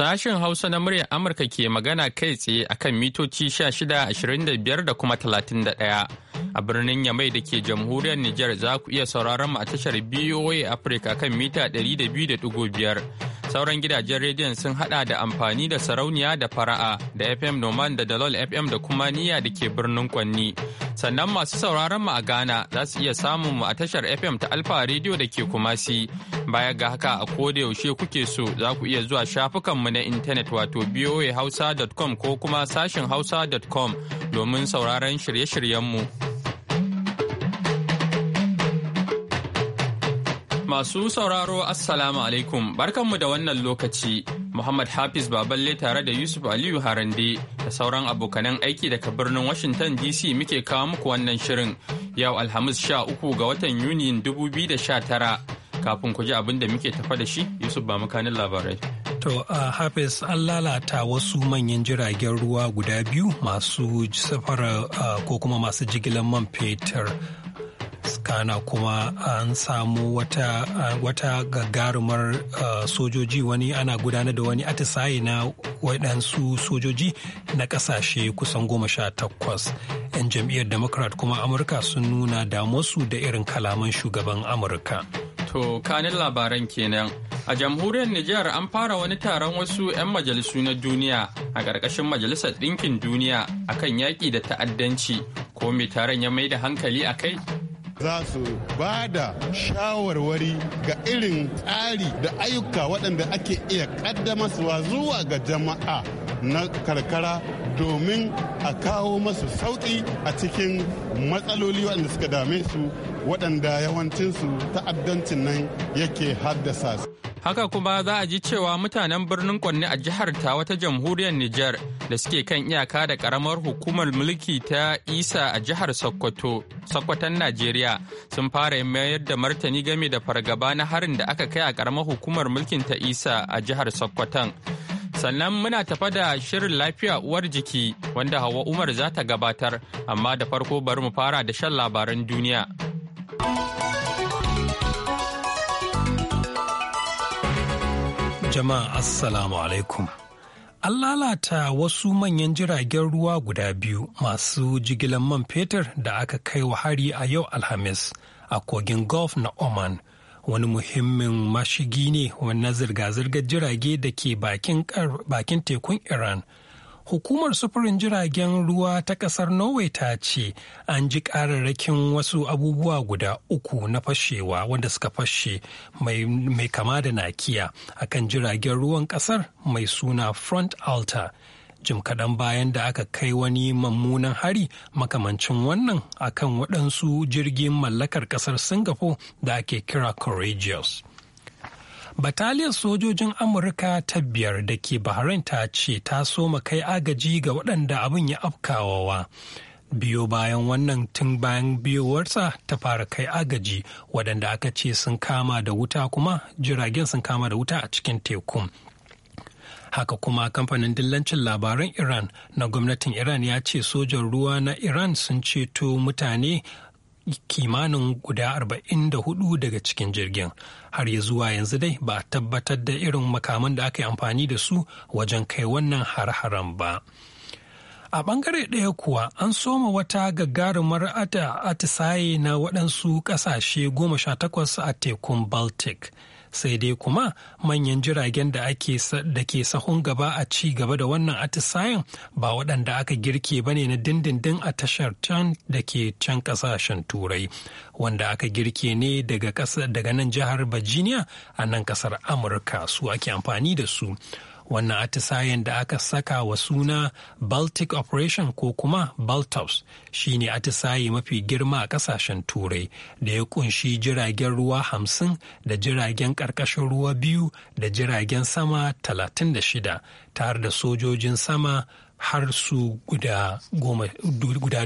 Sashen Hausa na muryar Amurka ke magana kai tsaye akan mitoci 1625 da kuma 31. A birnin Yamai da ke jamhuriyar Nijar za ku iya sauraron mu a tashar BOA afirka kan mita 200.5. Sauran gidajen rediyon sun hada da amfani da sarauniya da fara'a da FM Noman da Dalol FM da kuma niyya da ke birnin Kwanni. Sannan masu sauraron mu a Ghana za su iya samun mu a tashar FM ta Alfa rediyo da ke Kumasi. Baya ga haka a koda yaushe kuke so za ku iya zuwa shafukanmu na intanet wato com ko kuma sashin hausa.com domin sauraron shirye-shiryenmu. Masu sauraro Assalamu alaikum barkanmu da wannan lokaci. Muhammad Hafiz Baballe tare da Yusuf Aliyu Harande da sauran abokanan aiki daga birnin Washington DC muke kawo muku wannan shirin yau Alhamis sha uku ga watan Yuni 2019 kafin ku ji abin da muke tafa da shi Yusuf ba mukanin labarai. To uh, Hafiz an lalata wasu manyan jiragen ruwa guda biyu masu safara ko kuma masu jigilar man fetur. kana kuma an samu wata, wata gagarumar uh, sojoji wani ana gudanar da wani atisaye na waɗansu sojoji na ƙasashe kusan goma sha takwas 'yan jam'iyyar democrat kuma amurka sun nuna damosu da irin kalaman shugaban amurka to kanin labaran kenan a jamhuriyar nijar an fara wani taron wasu 'yan majalisu na duniya a ƙarƙashin majalisar ɗinkin duniya akan yaƙi da ta'addanci ko mai taron ya mai da hankali a kai za su ba da shawarwari ga irin tsari da ayyuka waɗanda ake iya ƙaddamaswa zuwa ga jama'a na karkara domin a kawo masu sauƙi a cikin matsaloli waɗanda suka dame su waɗanda yawancinsu ta'addancin nan yake haddasa su. Haka kuma za a ji cewa mutanen birnin Kwanne a jihar ta wata jamhuriyar Nijar da suke kan iyaka da karamar hukumar mulki ta Isa a jihar Sokoto, Sokoton Najeriya sun fara mayar da martani game da fargaba na harin da aka kai a karamar hukumar mulkin ta Isa a jihar Sokoton. Sannan muna tafa da shirin lafiya uwar jiki wanda Hawa Umar za ta gabatar, amma da farko bari mu fara da shan labaran duniya. Jama'a Assalamu alaikum. An lalata wasu manyan jiragen ruwa guda biyu masu jigilan man fetur da aka kai wa hari a yau Alhamis a kogin Gulf na Oman. Wani muhimmin mashigi ne wani zirga-zirgar jirage da ke bakin tekun Iran Hukumar sufurin jiragen ruwa ta kasar Norway ta ce an ji ƙararrakin wasu abubuwa guda uku na fashewa wanda suka fashe mai kama da nakiya akan jiragen ruwan kasar mai suna Front Alta. jim kaɗan bayan da aka kai wani mammunan hari makamancin wannan akan waɗansu jirgin mallakar kasar singapore da ake kira courageous bataliyar sojojin amurka ta biyar da ke bahrain ta ce ta soma kai agaji ga waɗanda abin ya afkawawa biyo bayan wannan tun bayan biyowarsa ta fara kai agaji waɗanda aka ce sun kama da wuta kuma jiragen sun kama da wuta a cikin tekun haka kuma kamfanin dillancin labaran iran na gwamnatin iran ya ce sojan ruwa na iran sun ceto mutane kimanin guda arba'in da 44 daga cikin jirgin har ya zuwa yanzu dai ba a tabbatar da irin makaman da aka yi amfani da su wajen kai wannan har-haren ba a bangare ɗaya kuwa an soma wata gagarumar atisaye na waɗansu ƙasashe takwas a tekun baltic sai dai kuma manyan jiragen da ke sahun gaba a ci gaba da wannan atisayen ba waɗanda aka girke ba ne na dindindin a tashar can da ke can ƙasashen turai wanda aka girke ne daga nan jihar virginia a nan ƙasar amurka su ake amfani da su wannan atisayen da aka saka wa suna baltic operation ko kuma baltops shine atisaye mafi girma a kasashen turai da ya kunshi jiragen ruwa hamsin da jiragen karkashin ruwa biyu da jiragen sama talatin da shida tare da sojojin sama har su guda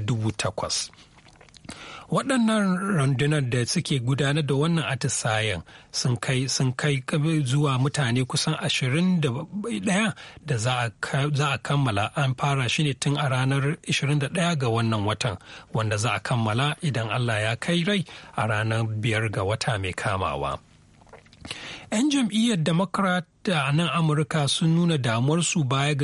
dubu takwas. waɗannan rundunar da suke gudanar da wannan atisayen sun kai sun kai zuwa mutane kusan ashirin da ɗaya da za a kammala an fara shi ne tun a ranar 21 ga wannan watan wanda za a kammala idan allah ya kai rai a ranar biyar ga wata mai kamawa. 'Yan jam'iyyar Democrat a nan Amurka sun nuna damuwarsu baya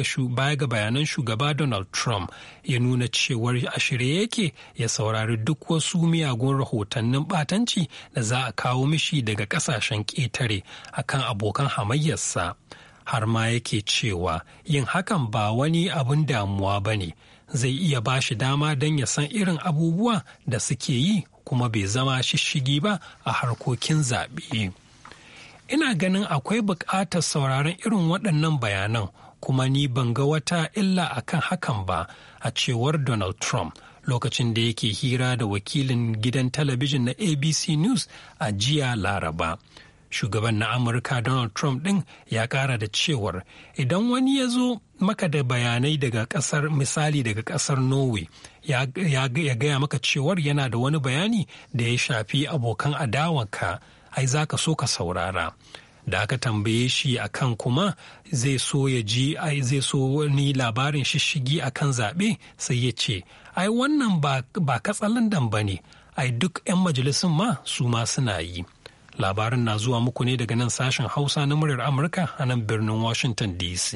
ga bayanan shugaba Donald Trump ya nuna cewar a shirye yake ya saurari duk wasu miyagun rahotannin batanci da za a kawo mishi daga ƙasashen ƙetare akan abokan hamayyarsa. Har ma yake cewa yin hakan ba wani abin damuwa ba ne, zai iya ba shi dama don ya san irin abubuwa da suke yi kuma bai zama shishigi ba a harkokin zaɓe. ina ganin akwai buƙatar sauraron irin waɗannan bayanan kuma ni ban ga wata illa akan hakan ba a cewar Donald Trump lokacin da yake hira da wakilin gidan talabijin na ABC News a jiya Laraba. Shugaban na Amurka Donald Trump ɗin ya ƙara da cewar idan wani ya zo maka da bayanai daga ƙasar misali daga ƙasar Norway ya gaya maka cewar yana da wani bayani da ya shafi abokan adawanka. ai za ka so ka saurara da aka tambaye shi a kan kuma zai so ya ji ai zai so wani labarin shishigi a kan zaɓe sai ya ce ai wannan ba dan ba ne ai duk 'yan majalisun ma su ma suna yi labarin na zuwa muku ne daga nan sashen hausa na muryar amurka a nan birnin washington dc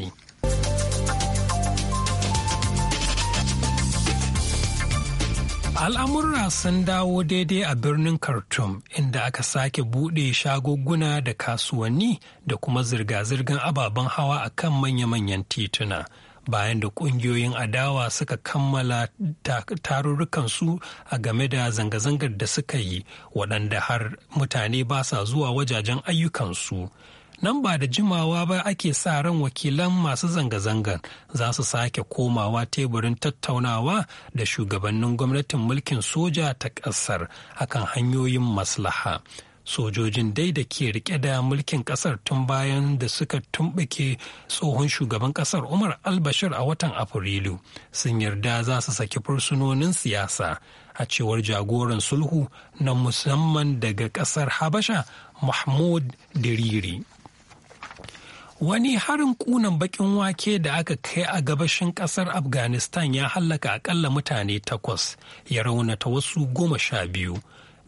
Al'amurra sun dawo daidai a birnin Khartoum inda aka sake buɗe shagoguna da kasuwanni da kuma zirga-zirgar ababen hawa a kan manya-manyan tituna. Bayan da ƙungiyoyin adawa suka kammala tarurrukansu a game da zanga-zangar da suka yi waɗanda har mutane ba sa zuwa wajajen ayyukansu. nan ba da jimawa ba ake sa ran wakilan masu zanga-zangar za su sake komawa teburin tattaunawa da shugabannin gwamnatin mulkin soja ta ƙasar akan hanyoyin maslaha sojojin dai da ke rike da mulkin kasar tun bayan da suka tumbuke tsohon shugaban kasar umar albashir a watan afrilu sun yarda za su saki fursunonin siyasa a cewar jagoran sulhu na musamman daga kasar habasha mahmud diriri Wani harin kunan bakin wake da aka kai a gabashin kasar Afghanistan ya hallaka akalla mutane takwas ya raunata wasu goma sha biyu.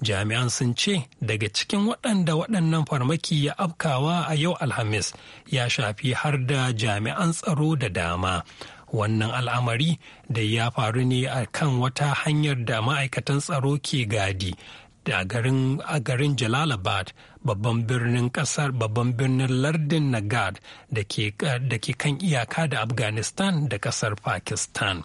Jami'an sun ce daga cikin waɗanda waɗannan farmaki ya afkawa a yau Alhamis ya shafi har da jami'an tsaro da dama. Wannan al'amari da ya faru ne a kan wata hanyar da ma'aikatan tsaro ke gadi da a garin Jalalabad babban birnin kasar babban birnin lardin Nagad da ke kan iyaka da Afghanistan da kasar Pakistan.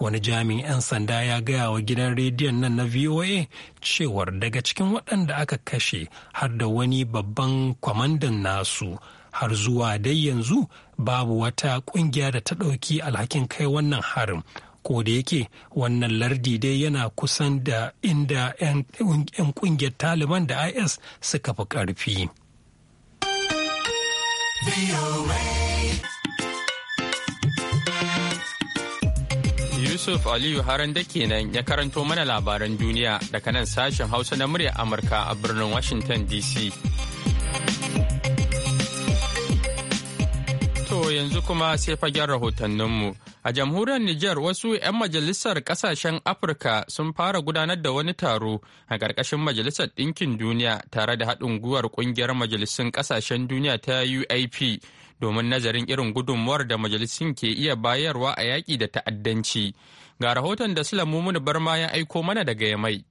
Wani jami'in 'yan sanda ya gaya wa gidan rediyon nan na VOA cewar daga cikin waɗanda aka kashe har da wani babban kwamandan nasu har zuwa dai yanzu babu wata ƙungiya da ta ɗauki alhakin kai wannan harin ko da yake wannan lardi dai yana kusan da inda 'yan kungiyar taliban da is suka fi karfi yusuf aliyu haran da kenan ya karanto mana labaran duniya daga nan sashen hausa na murya amurka a birnin washington dc to yanzu kuma sai fagen rahotanninmu A jamhuriyar Nijar wasu 'yan majalisar kasashen Afirka sun fara gudanar da wani taro a ƙarƙashin Majalisar Ɗinkin Duniya tare da haɗin guwar ƙungiyar Majalisun Ƙasashen Duniya ta UIP domin nazarin irin gudunmuwar da majalisun ke iya bayarwa a yaƙi da ta'addanci. Ga rahoton da sula mumunu Barma ya aiko mana daga Yamai.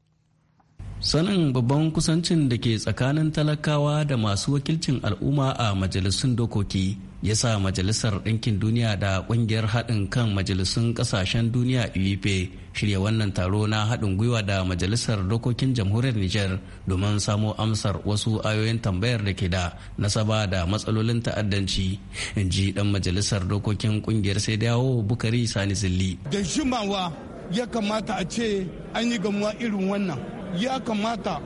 sanin babban kusancin da ke tsakanin talakawa da masu wakilcin al'umma a majalisun dokoki ya sa majalisar ɗinkin duniya da ƙungiyar haɗin kan majalisun ƙasashen duniya uife shirya wannan taro na haɗin gwiwa da majalisar dokokin jamhuriyar niger domin samo amsar wasu ayoyin tambayar da ke da nasaba da matsalolin ta'addanci in ji ɗan majalisar dokokin ƙungiyar sai dawo bukari sani zilli da jimawa ya kamata a ce an yi gamuwa irin wannan ya kamata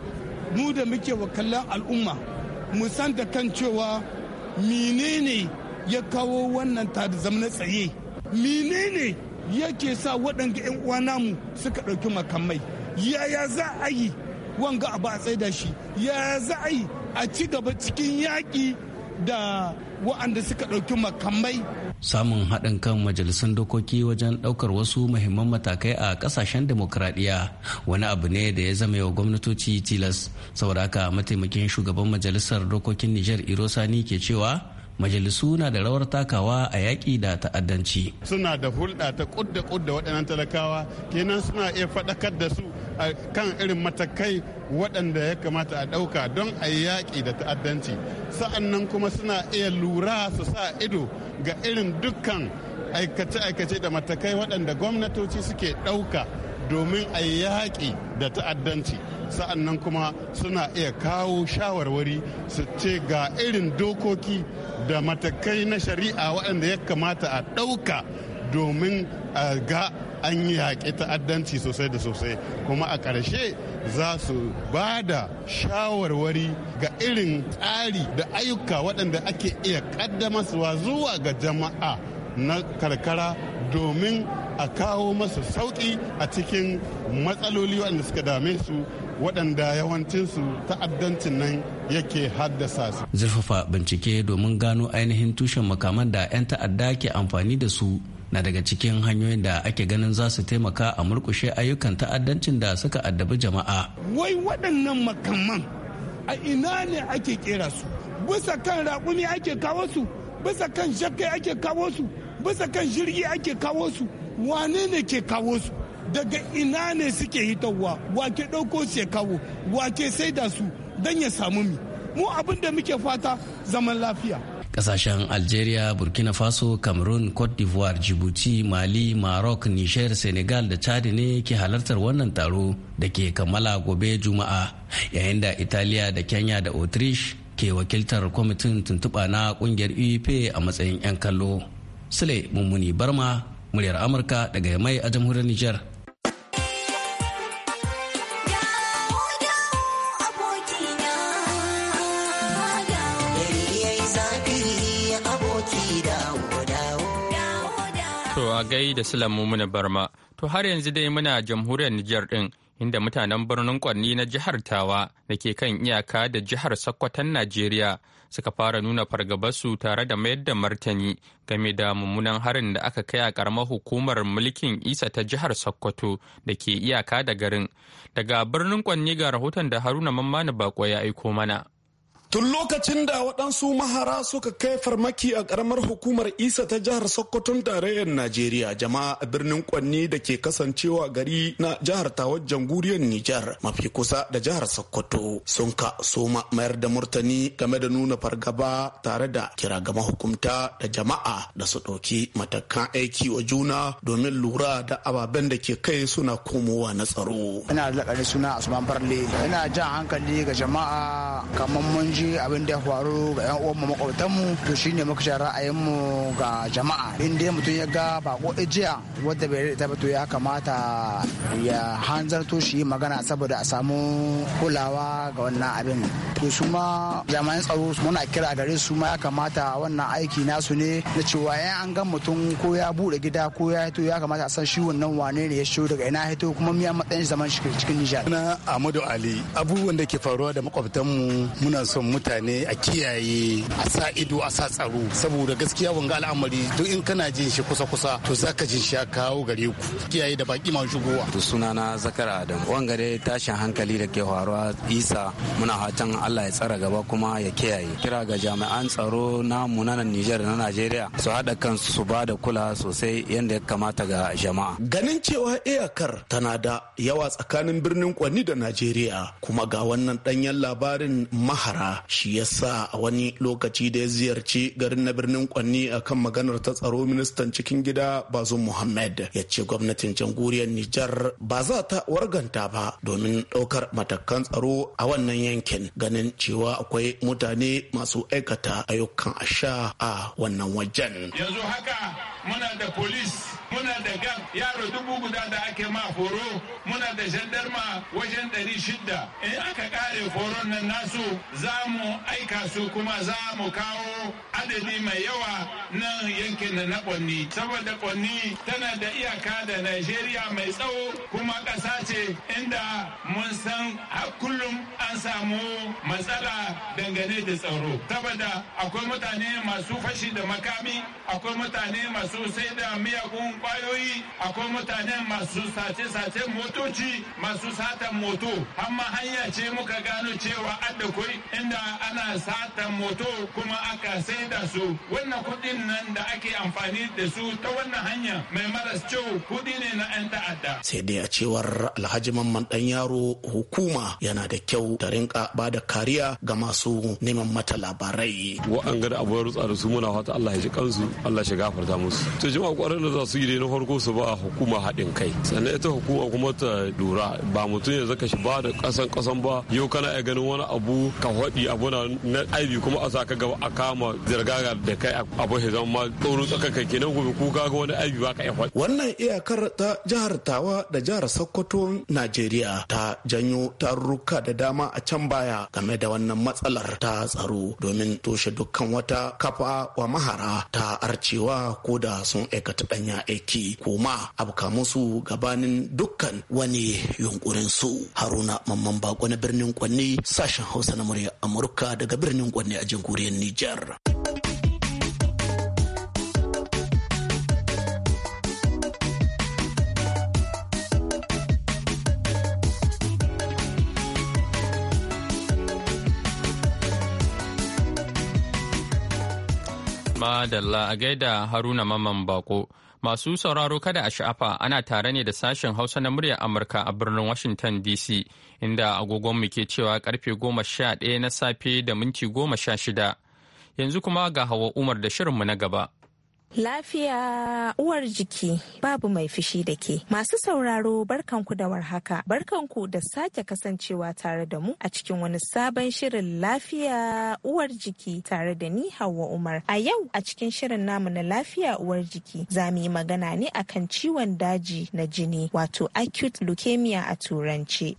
mu da muke wa kallon al'umma mu san da kan cewa menene ya kawo wannan ta da tsaye menene yake sa waɗanda 'yan uwa mu suka ɗauki makamai yaya za a yi wanga abu a tsaida shi yaya za a yi a ci gaba cikin yaƙi da wa'anda suka ɗauki makamai samun haɗin kan majalisun dokoki wajen ɗaukar wasu muhimman matakai a ƙasashen demokradiyya wani abu ne da ya zama wa gwamnatoci tilas saboda haka mataimakin shugaban majalisar dokokin nijar irosani ke cewa majalisu na da rawar takawa a yaƙi da ta'addanci. Suna da hulɗa ta kudda kudda waɗannan talakawa kenan suna iya faɗakar da su a kan irin matakai waɗanda ya kamata a ɗauka don a yaƙi da ta'addanci. Sa'annan kuma suna iya lura su sa ido ga irin dukkan aikace-aikace da matakai waɗanda gwamnatoci suke ɗauka domin a yaƙi da ta'addanci sa'annan kuma suna iya kawo shawarwari su ce ga irin dokoki da matakai na shari'a waɗanda ya kamata a ɗauka domin a ga an yaƙi ta'addanci sosai da sosai kuma a ƙarshe za su ba da shawarwari ga irin tsari da ayyuka waɗanda ake iya ƙaddamarsuwa zuwa ga jama'a na karkara domin a kawo masu sauƙi a cikin matsaloli waɗanda suka dame su waɗanda yawancinsu ta'addancin nan yake haddasa su. Zurfafa bincike domin gano ainihin tushen makaman da 'yan ta'adda ke amfani da su na daga cikin hanyoyin da ake ganin za su taimaka a murkushe ayyukan ta'addancin da suka addabi jama'a. Wai waɗannan makaman a ina ne ake kera su? Bisa kan raƙumi ake kawo su? Bisa kan shakkai ake kawo su? Bisa kan jirgi ake kawo su? wane ne ke kawo su daga ina ne suke hitarwa wake ɗauko su ya kawo wake sai da su don ya samu mi mu abin da muke fata zaman lafiya kasashen algeria burkina faso cameroon cote d'ivoire djibouti mali maroc niger senegal da chad ne ke halartar wannan taro da ke kammala gobe juma'a yayin da italiya da kenya da autriche ke wakiltar kwamitin tuntuɓa na kungiyar uep a matsayin 'yan kallo sule mummuni barma muryar amurka daga mai a jamhuriyar niger To a gai da Sulamu muna barma, to har yanzu dai muna jamhuriyar Nijar ɗin inda mutanen birnin Kwanni na jihar Tawa da ke kan iyaka da jihar Sokoto Najeriya suka fara nuna fargabarsu tare da mayar da martani game da mummunan harin da aka kai a karamar hukumar mulkin isa ta jihar sokoto da ke iyaka da garin daga birnin kwanni ga rahoton da haruna mammani Baƙo ya aiko mana Tun lokacin da waɗansu mahara suka kai farmaki a ƙaramar hukumar Isa ta jihar Sokoton tarayyar Najeriya jama'a a birnin Kwanni da ke kasancewa gari na jihar Tawad Janguriyar Nijar mafi kusa da jihar Sokoto sun ka soma mayar da murtani game da nuna fargaba tare da kira ga mahukumta da jama'a da su ɗauki matakan aiki wa juna domin lura da ababen da ke kai suna komowa na tsaro. Ina da suna Asuman barle ina jan hankali ga jama'a kamar mun ji abin da ya faru ga yan uwanmu makwabtanmu to shine muka sha ra'ayinmu ga jama'a in dai mutum ya ga bako ijiya wadda bai rita ba to ya kamata ya to shi magana saboda a samu kulawa ga wannan abin to su ma jami'an tsaro muna kira gare su ma ya kamata wannan aiki nasu ne na cewa yan an ga mutum ko ya bude gida ko ya hito ya kamata a san shi wannan wane ne ya shigo daga ina hito kuma miya matsayin zaman shi cikin nijar. na amadu ali abubuwan da ke faruwa da makwabtanmu muna son mutane a kiyaye a sa ido a sa tsaro saboda gaskiya wanga al'amari duk in kana jin shi kusa kusa to zaka jin shi ya kawo gare ku kiyaye da baki masu shigowa to na zakar adam wanga dai tashin hankali da ke faruwa isa muna fatan Allah ya tsara gaba kuma ya kiyaye kira ga jami'an tsaro na na Nijar na Najeriya su haɗa kansu su ba da kula sosai yadda ya kamata ga jama'a ganin cewa iyakar tana da yawa tsakanin birnin Kwani da Najeriya kuma ga wannan danyen labarin mahara Shi ya sa a wani lokaci da ya ziyarci garin na birnin kwanni a kan maganar ta tsaro ministan cikin gida Bazu muhammad ya ce gwamnatin jamhuriyar nijar ba za ta warganta ba domin ɗaukar matakan tsaro a wannan yankin ganin cewa akwai mutane masu aikata ayyukan asha a wannan wajen yanzu haka muna da polis muna da yaro dubu guda da ake ma horo muna da jandarma wajen ɗari shidda in aka ƙare horon nan nasu za mu aika su kuma za mu kawo adadi mai yawa nan yankin na kwanni saboda kwanni tana da iyaka da najeriya mai tsawo kuma ƙasa ce inda mun san kullum an samu matsala dangane da tsaro saboda akwai mutane masu fashi da makami akwai mutane masu sai da miyagun kwayoyi akwai mutane masu sace-sace motoci masu satan moto amma hanya ce muka gano cewa adda kwai inda ana satan moto kuma aka sai da su wannan kuɗi nan da ake amfani da su ta wannan hanya mai maras kyau kuɗi ne na 'yan ta'adda sai dai a cewar alhaji mamman dan yaro hukuma yana da kyau ta rinka ba da kariya ga masu neman mata labarai wa'anga gada abuwar rutsa da su muna fata Allah ya ji kansu Allah ya gafarta musu to jima'a kwarar da za su yi na farko su ba hukuma haɗin kai sannan ita hukuma kuma ta lura ba mutum ya zaka shi ba da ƙasan ƙasan ba yau kana iya ganin wani abu ka haɗi abu na aibi kuma a sa ka gaba a kama zirgagar da kai abu ya zama tsoro kenan gobe ko ga wani aibi ba ka iya haɗi. wannan iyakar ta jihar tawa da jihar sokoto najeriya ta janyo tarurruka da dama a can baya game da wannan matsalar ta tsaro domin toshe dukkan wata kafa wa mahara ta arcewa ko da sun aikata ɗanya aiki koma abu abuka gabanin dukkan wani yunkurin su haruna mamman bako na birnin kwanne sashen hausa na murya amurka daga birnin kwanne a jamhuriyar nijar. Madalla a gaida Haruna maman Bako. Masu sauraro kada a sha'afa ana tare ne da sashen Hausa na muryar Amurka a birnin Washington DC inda agogon mu ke cewa karfe goma sha ɗaya na safe da minti goma sha shida. Yanzu kuma ga hawa Umar da shirinmu na gaba. Lafiya uwar jiki babu mai fushi da ke. Masu sauraro barkanku da warhaka. Barkanku da sake kasancewa tare da mu a cikin wani sabon shirin lafiya uwar jiki tare da ni Hauwa Umar. A yau a cikin shirin namu na lafiya uwar jiki za mu yi magana ne akan ciwon daji na jini wato acute leukemia a turanci.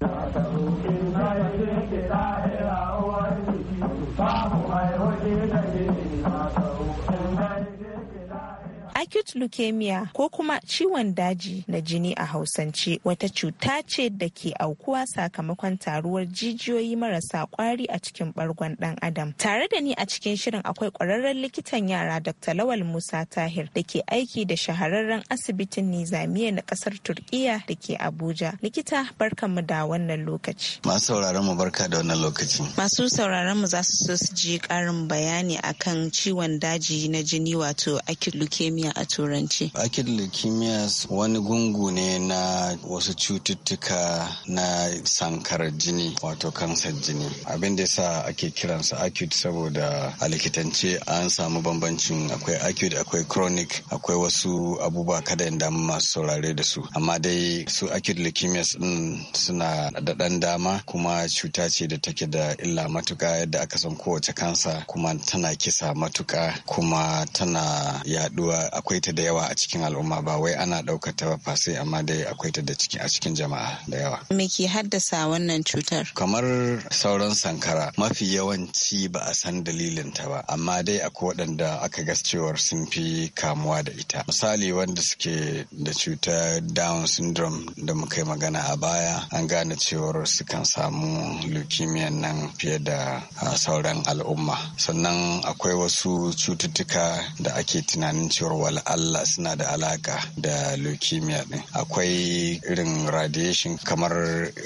acute leukemia ko kuma ciwon daji na jini a hausance wata cuta ce da ke aukuwa sakamakon taruwar jijiyoyi marasa kwari a cikin bargon dan adam tare da ni a cikin shirin akwai kwararren likitan yara dr lawal musa tahir da ke aiki da shahararren asibitin nizamiya na kasar turkiya da ke abuja likita barkanmu da wannan lokaci masu sauraron mu barka da wannan lokaci masu sauraron mu za su so su ji karin bayani akan ciwon daji na jini wato acute leukemia a turanci. Akil leukemias wani gungu ne na wasu cututtuka na sankarar jini wato kansar jini. Abin da sa ake kiransa acute saboda a likitance an samu bambancin akwai acute akwai chronic akwai wasu abubuwa kada dama masu saurare da su. Amma dai su acute leukemias din suna da dan dama kuma cuta ce da take da illa matuka yadda aka san kowace kansa kuma tana kisa matuka kuma tana yaduwa a akwai ta da yawa a cikin al'umma ba wai ana ɗaukar ta ba sai amma dai akwai ta da ciki a cikin jama'a da yawa. Me ke haddasa wannan cutar? Kamar sauran sankara mafi yawanci ba a san dalilin ta ba amma dai akwai waɗanda aka ga cewar sun fi kamuwa da ita. Misali wanda suke da cutar Down syndrome da muka yi magana a baya an gane cewar sukan samu leukemia nan fiye da sauran al'umma. Sannan akwai wasu cututtuka da ake tunanin cewar wala suna da alaka da leukemia ne akwai irin radiation kamar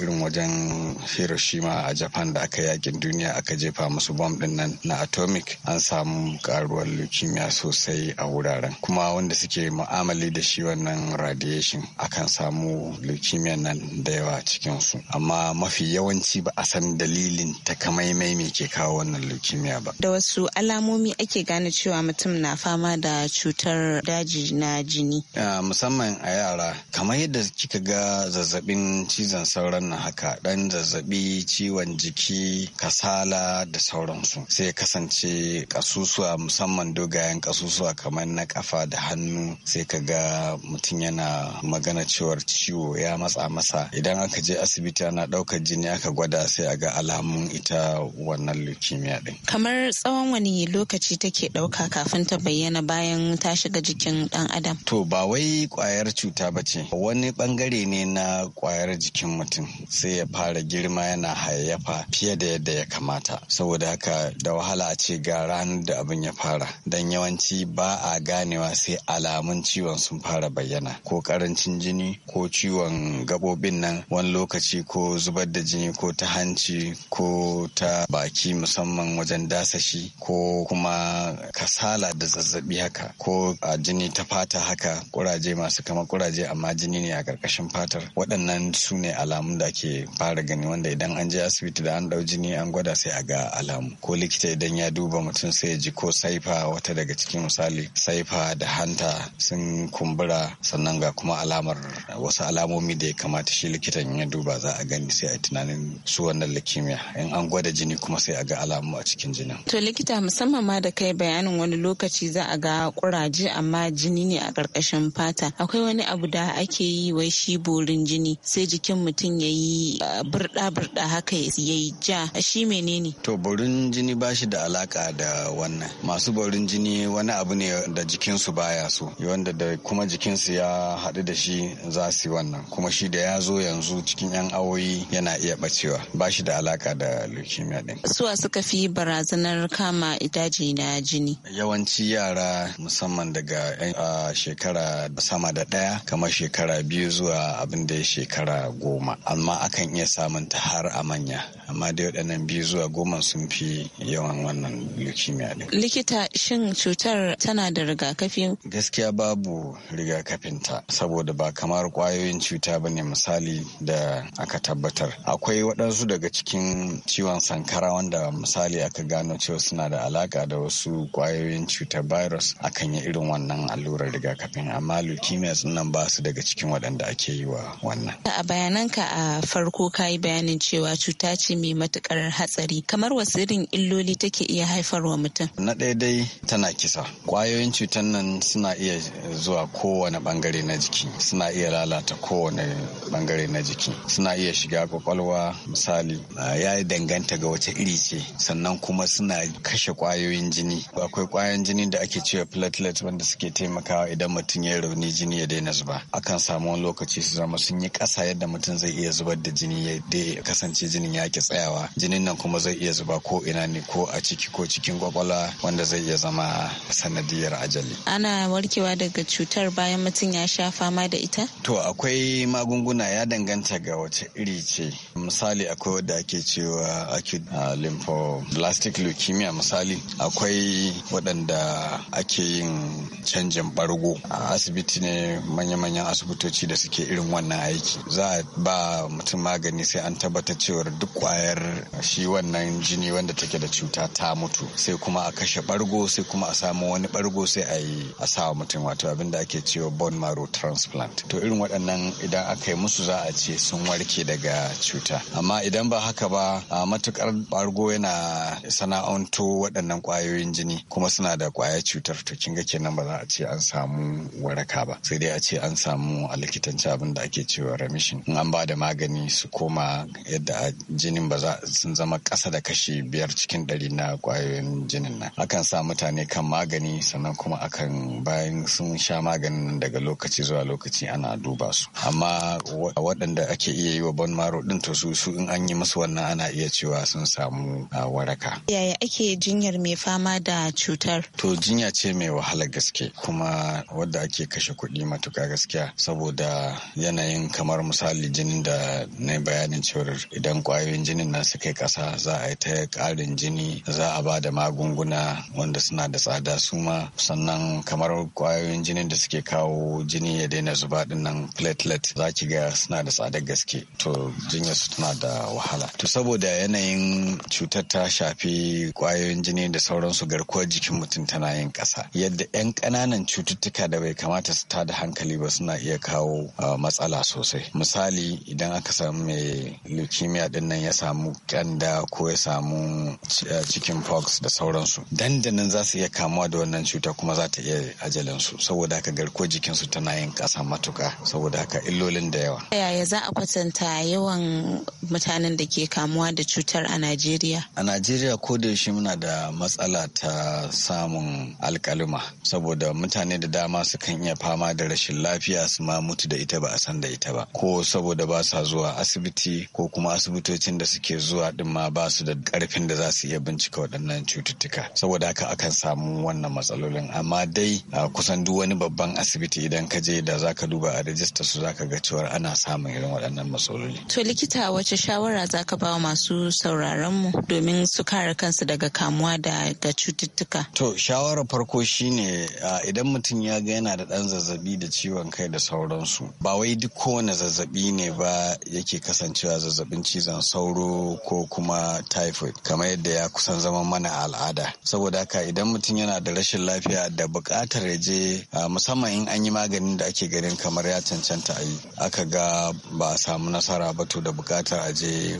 irin wajen Hiroshima a Japan da aka yakin duniya aka jefa musu bom din nan na atomic an samu karuwar leukemia sosai a wuraren kuma wanda suke mu'amali da shi wannan radiation akan samu leukemia nan da yawa cikinsu. amma mafi yawanci ba a san dalilin takamaimai me ke kawo wannan leukemia ba da wasu alamomi ake gane cewa mutum na fama da cutar daji na jini. Musamman a yara, kamar yadda kika ga zazzabin cizon sauran na haka dan zazzabi ciwon jiki kasala da sauransu sai kasance kasusuwa musamman dogayen kasusuwa kamar na kafa da hannu sai ka ga mutum yana magana cewar ciwo ya matsa masa idan aka je asibiti ana ɗaukar jini aka gwada sai a ga alamun ita wannan leukemia din kamar tsawon wani lokaci take ɗauka kafin ta bayyana bayan ta shiga jikin dan adam to ba wai kwayar cuta ba ce wani bangare ne na kwayar jikin mutum sai ya fara girma yana hayayyafa fiye da yadda ya kamata saboda haka da wahala ce ga ranar da abin ya fara dan yawanci ba a ganewa sai alamun ciwon sun fara bayyana ko karancin jini ko ciwon gabobin nan wani lokaci ko zubar da jini ko ta hanci ko ta baki musamman wajen dasashi ko kuma kasala da zazzabi haka ko a jini ta fata haka kuraje masu kama kuraje amma jini ne a karkashin fatar waɗannan su ne alamun da ake fara gani wanda idan an je asibiti da an ɗau jini an gwada sai a ga alamu ko likita idan ya duba mutum sai ya ji ko saifa wata daga cikin misali saifa da hanta sun kumbura sannan ga kuma alamar wasu alamomi da ya kamata shi likitan ya duba za a gani sai a yi tunanin su wannan leukemia in an gwada jini kuma sai a ga alamu a cikin jinin. To likita musamman ma da kai bayanin wani lokaci za a ga kuraje a amma jini ne a ƙarƙashin fata akwai wani abu da ake yi wai shi borin jini sai jikin mutum ya yi burɗa burɗa haka ya yi ja shi menene to borin jini ba shi da alaka da wannan masu borin jini wani abu ne da jikinsu baya so wanda da kuma jikinsu ya haɗu da shi za su yi wannan kuma shi da ya zo yanzu cikin yan awoyi yana iya bacewa ba shi da alaka da leukemia din suwa suka fi barazanar kama daji na jini yawanci yara musamman daga daga 'yan shekara sama da ɗaya kamar shekara biyu zuwa abin da ya shekara goma amma akan iya samun ta har a manya amma dai waɗannan biyu zuwa goma sun fi yawan wannan leukemia ne likita shin cutar tana da rigakafi gaskiya babu rigakafin ta saboda ba kamar kwayoyin cuta ba ne misali da aka tabbatar akwai waɗansu daga cikin ciwon sankara wanda misali aka gano cewa suna da alaƙa da wasu kwayoyin cutar virus akan yi irin wannan wannan allurar rigakafin amma leukemia nan ba su daga cikin waɗanda ake yi wa wannan. A ka a farko ka yi bayanin cewa cuta ce mai matukar hatsari kamar wasu irin illoli take iya haifarwa mutum. Na ɗaya dai tana kisa. Ƙwayoyin cutar nan suna iya zuwa kowane ɓangare na jiki suna iya lalata kowane ɓangare na jiki suna iya shiga kwakwalwa misali ya danganta ga wace iri ce sannan kuma suna kashe ƙwayoyin jini akwai ƙwayoyin jini da ake cewa platelet wanda suke suke taimakawa idan mutum ya rauni jini ya daina zuba akan samu wani lokaci su zama sun yi kasa yadda mutum zai iya zubar da jini ya kasance jinin ya ke tsayawa jinin nan kuma zai iya zuba ko ina ne ko a ciki ko cikin kwakwalwa wanda zai iya zama sanadiyar ajali ana warkewa daga cutar bayan mutum ya sha fama da ita to akwai magunguna ya danganta ga wace iri ce misali akwai wadda ake cewa acute uh, lymphoblastic leukemia misali akwai waɗanda ake yin canjin bargo a asibiti ne manya-manyan asibitoci da suke irin wannan aiki za a ba mutum magani sai an tabbatar cewar duk kwayar shi wannan jini wanda take da cuta ta mutu sai kuma a kashe bargo sai kuma a samu wani bargo sai a yi a sa mutum wato abin da ake cewa bone marrow transplant to irin waɗannan idan aka yi musu za a ce sun warke daga cuta amma idan ba haka ba a matukar bargo yana sana'anto waɗannan kwayoyin jini kuma suna da kwayar cutar to kinga kenan ba za a ce an samu waraka ba sai dai a ce an samu a likitanci abin da ake cewa remission in an ba da magani su koma yadda a jinin ba za sun zama ƙasa da kashi biyar cikin ɗari na ƙwayoyin jinin nan akan sa mutane kan magani sannan kuma akan bayan sun sha maganin nan daga lokaci zuwa lokaci ana duba su amma waɗanda ake iya yi wa ban maro ɗin to su su in an yi musu wannan ana iya cewa sun samu ah, waraka yaya ake jinyar mai fama da cutar to jinya ce mai wahala gaske gaske kuma wadda ake kashe kuɗi matuka gaskiya saboda yanayin kamar misali jinin da na bayanin cewar idan kwayoyin jinin nan suka yi ƙasa za a yi ta ƙarin jini za a ba da magunguna wanda suna da tsada su ma sannan kamar kwayoyin jinin da suke kawo jini ya daina zuba din nan platelet za ki ga suna da tsada gaske to jinyar su tana da wahala to saboda yanayin cutar ta shafi kwayoyin jini da sauransu garkuwar jikin mutum tana yin ƙasa yadda 'yan ƙananan cututtuka da bai kamata su tada hankali ba suna iya kawo ah, matsala sosai misali idan aka samu mai leukemia din nan ya samu kanda ko ya samu ah, chicken pox da sauransu dandanin za su iya kamuwa da wannan cuta kuma za ta iya ajalin su saboda haka garko su tana yin ƙasa matuka saboda haka illolin da yawa yaya za a kwatanta yawan mutanen da ke kamuwa da cutar a najeriya a najeriya ko da yaushe muna da matsala ta samun alkaluma saboda saboda mutane da dama sukan iya fama da rashin lafiya su ma mutu da ita ba a san da ita ba ko saboda ba sa zuwa asibiti ko kuma asibitocin da suke zuwa din ma ba su da karfin da za su iya bincika waɗannan cututtuka saboda haka akan samu wannan matsalolin amma dai a kusan duk wani babban asibiti idan ka je da zaka duba a rajista su zaka ga cewa ana samun irin waɗannan matsaloli to likita wace shawara zaka ba masu sauraron mu domin su kare kansu daga kamuwa da cututtuka to shawara farko shine idan mutum ya ga yana da ɗan zazzabi da ciwon kai da sauransu ba wai duk kowane zazzabi ne ba yake kasancewa zazzabin cizon sauro ko kuma typhoid kamar yadda ya kusan zama mana al'ada saboda haka idan mutum yana da rashin lafiya da buƙatar ya je musamman in an yi maganin da ake ganin kamar ya cancanta a yi aka ga ba a samu nasara ba to da buƙatar a je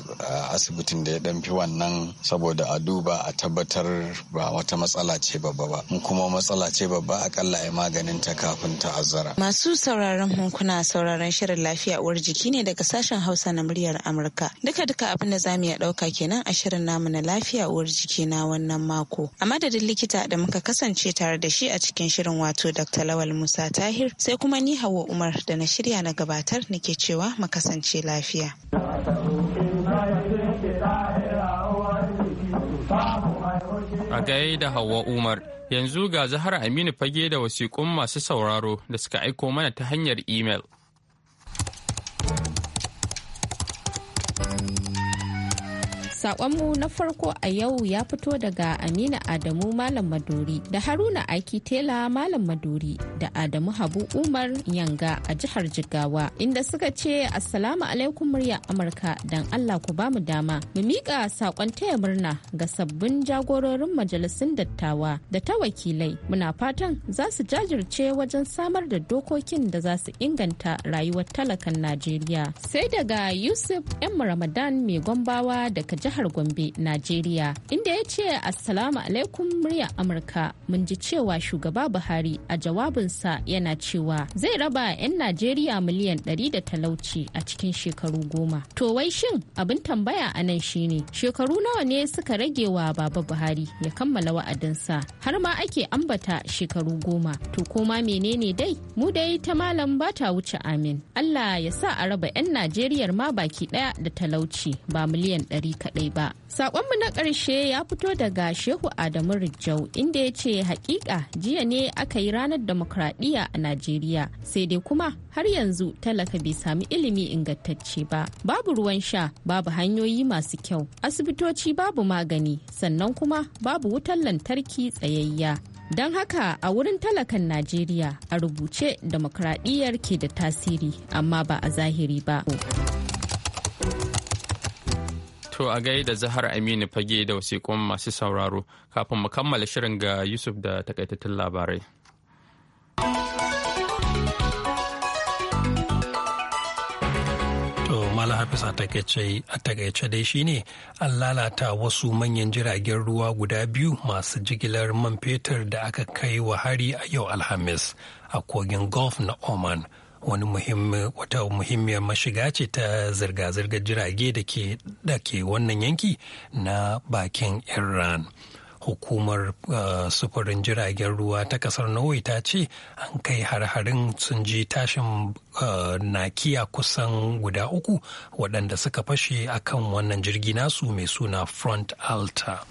asibitin da ya ɗan fi wannan saboda a duba a tabbatar ba wata matsala ce babba ba in kuma matsala ce babba akalla ya maganin ta kafin ta azara. Masu sauraron hunkuna sauraron shirin lafiya uwar jiki ne daga sashen Hausa na muryar Amurka. Duka duka abin da zamu iya dauka kenan a shirin namu na lafiya uwar jiki na wannan mako. A madadin likita da muka kasance tare da shi a cikin shirin wato Dr. Lawal Musa Tahir sai kuma ni Hauwa Umar da na shirya na gabatar nake cewa mu kasance lafiya. A da Hauwa Umar, yanzu ga Zahara Aminu fage da wasiƙun masu sauraro da suka aiko mana ta hanyar imel. Sakonmu na farko a yau ya fito daga Amina Adamu Malam Maduri da Haruna Aiki Tela Malam Maduri da Adamu Habu Umar Yanga a jihar Jigawa inda suka ce Assalamu alaikum murya Amurka don Allah ku bamu dama mu miƙa sakon taya murna ga sabbin jagororin majalisun dattawa da ta wakilai muna fatan za su jajirce wajen samar da dokokin da za su inganta rayuwar talakan Najeriya. Sai daga Yusuf yan Ramadan mai gombawa daga jihar jihar Gombe, Najeriya, inda ya ce Assalamu alaikum murya Amurka. Mun ji cewa shugaba Buhari a jawabinsa yana cewa zai raba 'yan Najeriya miliyan 100 da talauci a cikin shekaru goma. To wai shin abin tambaya a nan shine shekaru nawa ne suka rage wa Baba Buhari ya kammala wa'adinsa har ma ake ambata shekaru goma. To koma menene dai? Mu dai ta malam ba ta wuce amin. Allah ya sa a raba 'yan Najeriyar ma baki ɗaya da talauci ba miliyan 100 kaɗai. kaɗai ba. Sakonmu na ƙarshe ya fito daga Shehu Adamu Rijau inda ya ce hakika jiya ne aka yi ranar demokradiyya a Najeriya sai dai kuma har yanzu talaka bai sami ilimi ingantacce ba. Babu ruwan sha, babu hanyoyi masu kyau, asibitoci babu magani, sannan kuma babu wutar lantarki tsayayya. Don haka a wurin talakan Najeriya a rubuce demokradiyyar ke da tasiri amma ba a zahiri ba. To a da Zahar Aminu fage da wasiƙon masu sauraro kafin mu kammala shirin ga Yusuf da takaitattun labarai. Mala Hafiz a takaice dai shine an lalata wasu manyan jiragen ruwa guda biyu masu jigilar man fetur da aka kai wa hari a yau Alhamis a kogin Gulf na Oman. wani wata muhimmiyar mashiga ce ta zirga-zirgar jirage da ke wannan yanki na bakin iran hukumar uh, sufurin jiragen ruwa ta kasar norway ta ce an kai harharin sun ji tashin uh, nakiya kusan guda uku waɗanda suka fashe akan wannan jirgi nasu mai suna front alta.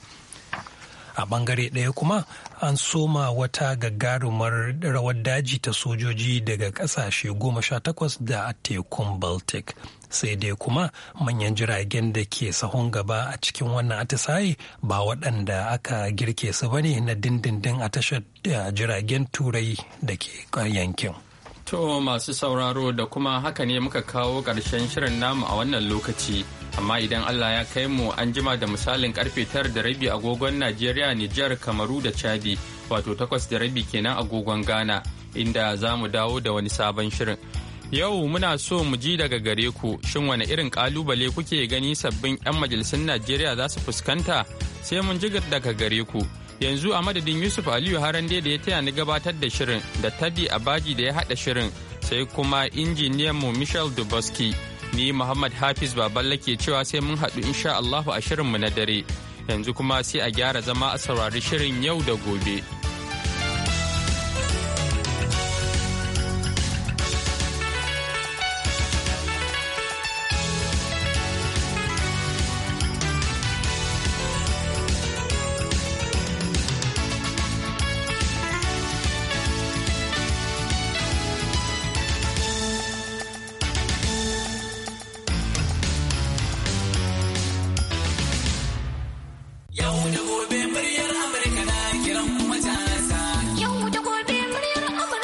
a bangare ɗaya kuma an soma wata gagarumar rawar daji ta sojoji daga ƙasashe goma sha takwas da tekun baltic sai dai kuma manyan jiragen da ke sahun gaba a cikin wannan atisaye ba waɗanda aka girke su bane na dindindin a tashar eh, jiragen turai da ke yankin To masu sauraro da kuma haka ne muka kawo ƙarshen shirin namu a wannan lokaci. Amma idan Allah ya kai mu an jima da misalin karfe tara da rabi agogon Najeriya, Nijar, Kamaru da Chadi, wato takwas da rabi kenan agogon Ghana, inda za mu dawo da wani sabon shirin. Yau muna so mu ji daga gare ku shin wani irin ƙalubale kuke gani sabbin 'yan majalisun Najeriya za su fuskanta sai mun ji daga gare ku. yanzu a madadin yusuf aliyu harande da ya taya ni gabatar da shirin da tabi abaji da ya haɗa shirin sai kuma injiniyan mu michel duboski ni muhammad hafiz baballe ke cewa sai mun haɗu insha allahu a shirin mu na dare yanzu kuma sai a gyara zama a saurari shirin yau da gobe.